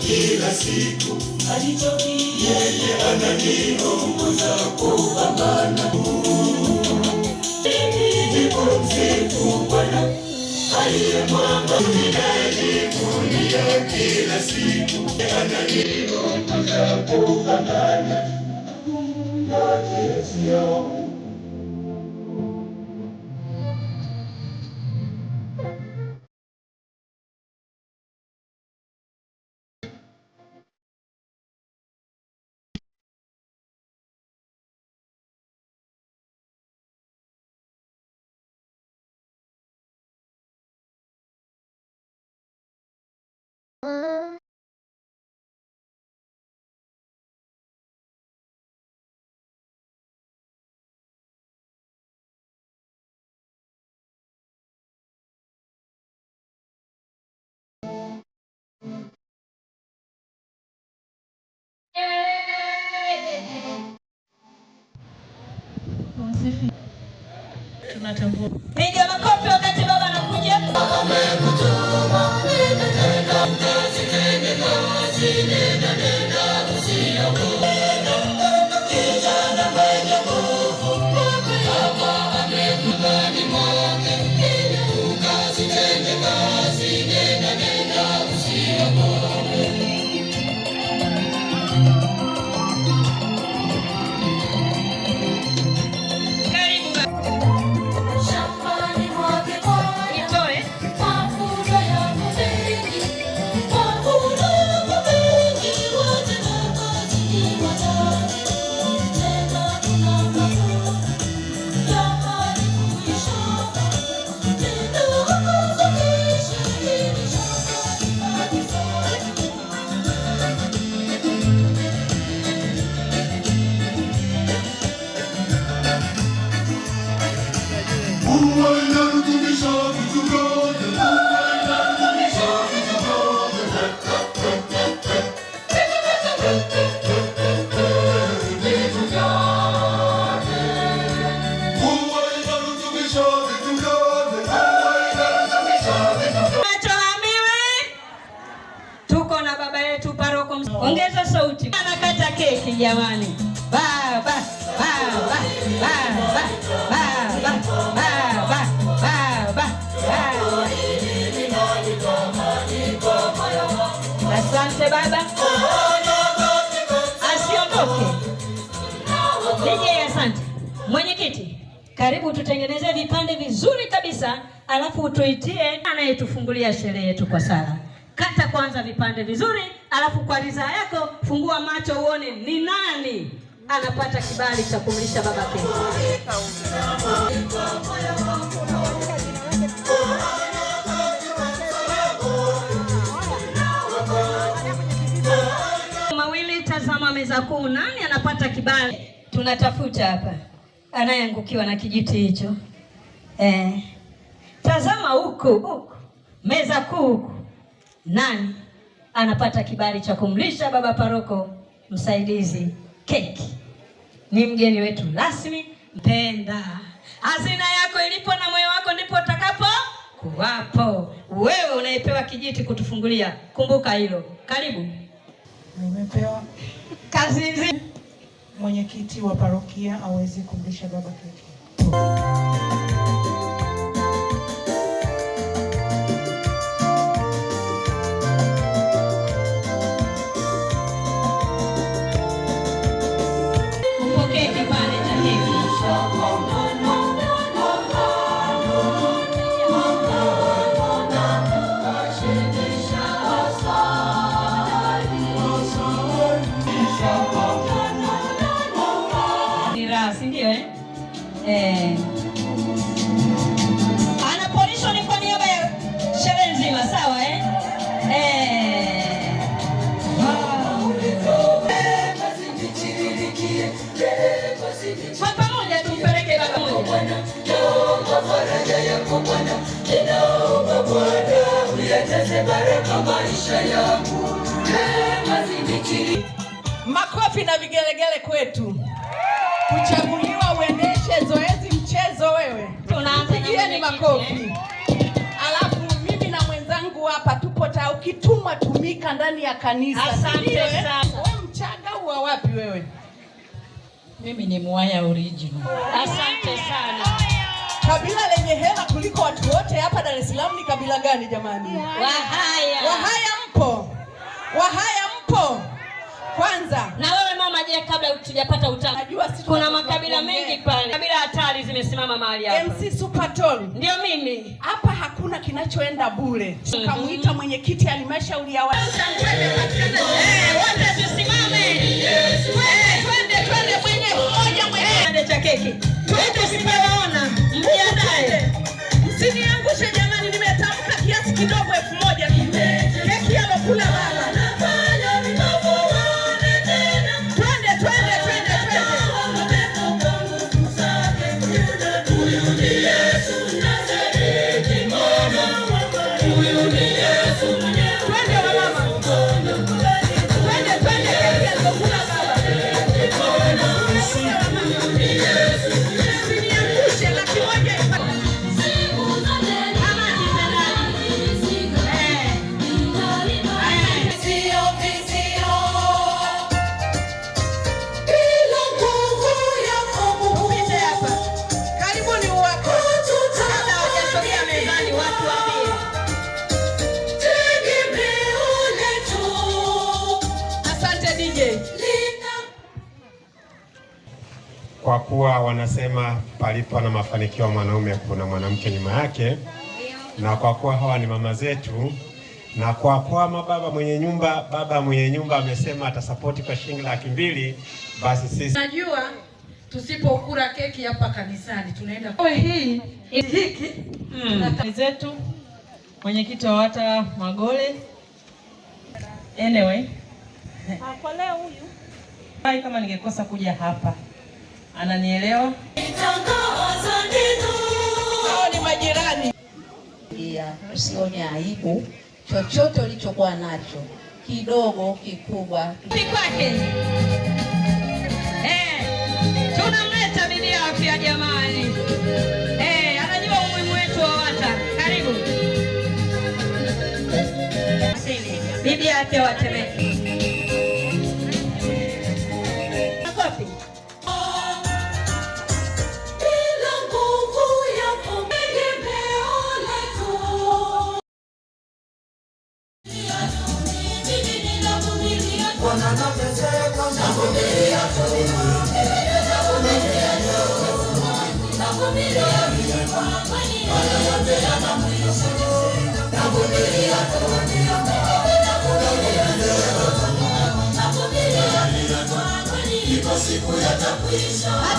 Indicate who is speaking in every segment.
Speaker 1: kila siku yeye ananiongoza kupambana, nitamsifu Bwana aliye mwamba. Ninajivunia kila siku ananiongoza kupambana, yote sio
Speaker 2: tunatambua. Piga makofi. kwa ongeza sauti. Anakata keki jamani, baba baba baba baba baba baba. Asante baba, asiondoke. DJ, asante mwenyekiti. Karibu tutengeneze vipande vizuri kabisa, alafu tuitie anayetufungulia sherehe yetu kwa sala. Kata kwanza vipande vizuri, alafu kwa ridhaa yako fungua macho uone ni nani anapata kibali cha kumlisha babake. Mawili, tazama meza kuu, nani anapata kibali? Tunatafuta hapa anayeangukiwa na kijiti hicho eh. Tazama huku huku meza kuu huku nani anapata kibali cha kumlisha baba paroko msaidizi keki. Ni mgeni wetu rasmi mpenda. Hazina yako ilipo na moyo wako ndipo utakapo kuwapo. Wewe unayepewa kijiti kutufungulia, kumbuka hilo. Karibu. Nimepewa kazi nzima,
Speaker 3: mwenyekiti wa parokia awezi kumlisha baba keki.
Speaker 4: Makofi na vigelegele kwetu kuchaguliwa, uendeshe zoezi mchezo wewe, tunaanza ni makofi, alafu mimi na mwenzangu hapa wakituma tumika ndani ya kanisa.
Speaker 2: Asante eh? sana.
Speaker 4: Wewe Mchaga wa wapi wewe?
Speaker 2: Mimi ni Mwaya original. Asante sana. Kabila
Speaker 4: lenye hela kuliko watu wote hapa Dar es Salaam ni kabila gani jamani?
Speaker 2: Wahaya. Wahaya
Speaker 4: mpo? Wahaya mpo? kwanza. Na
Speaker 2: wewe mama, je, kabla tujapata utata, najua sisi kuna makabila mengi pale, kabila hatari zimesimama mahali hapa. MC
Speaker 4: Super ndio
Speaker 2: mimi hapa, hakuna
Speaker 4: kinachoenda bure. Mm. Tukamwita mwenyekiti halmashauri ya
Speaker 5: kwa kuwa wanasema palipo na mafanikio mwanaume kuna mwanamke nyuma yake, na kwa kuwa hawa ni mama zetu, na kwa kuwa mababa mwenye nyumba baba mwenye nyumba amesema atasapoti kwa shilingi laki mbili, basi sisi najua
Speaker 6: tusipokula keki hapa kanisani tunaenda
Speaker 2: kwa hii hiki
Speaker 6: mm. zetu mwenyekiti wa WATA Magole anyway.
Speaker 2: Ah, kwa leo huyu
Speaker 6: kama ningekosa kuja hapa ananielewa
Speaker 2: ni aibu, chochote ulichokuwa nacho kidogo kikubwa kwake eh, tunamleta bibi afya jamani, eh, anajua umuhimu wetu wa WATA. Karibu bibi afya wa Temeke.
Speaker 1: Siku yatakwisha.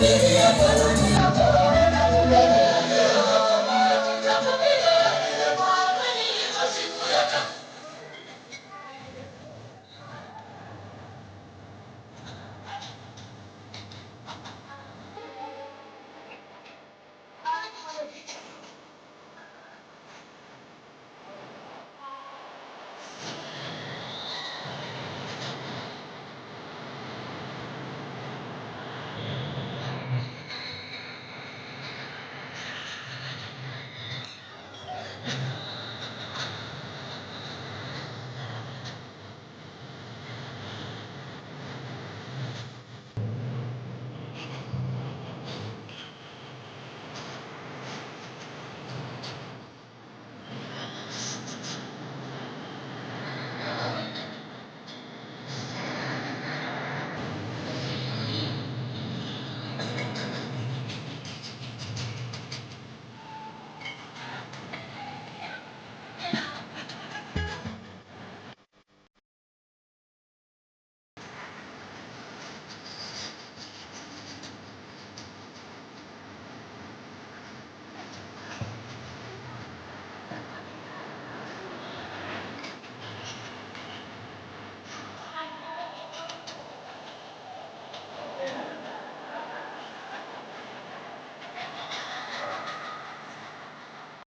Speaker 1: Thank you.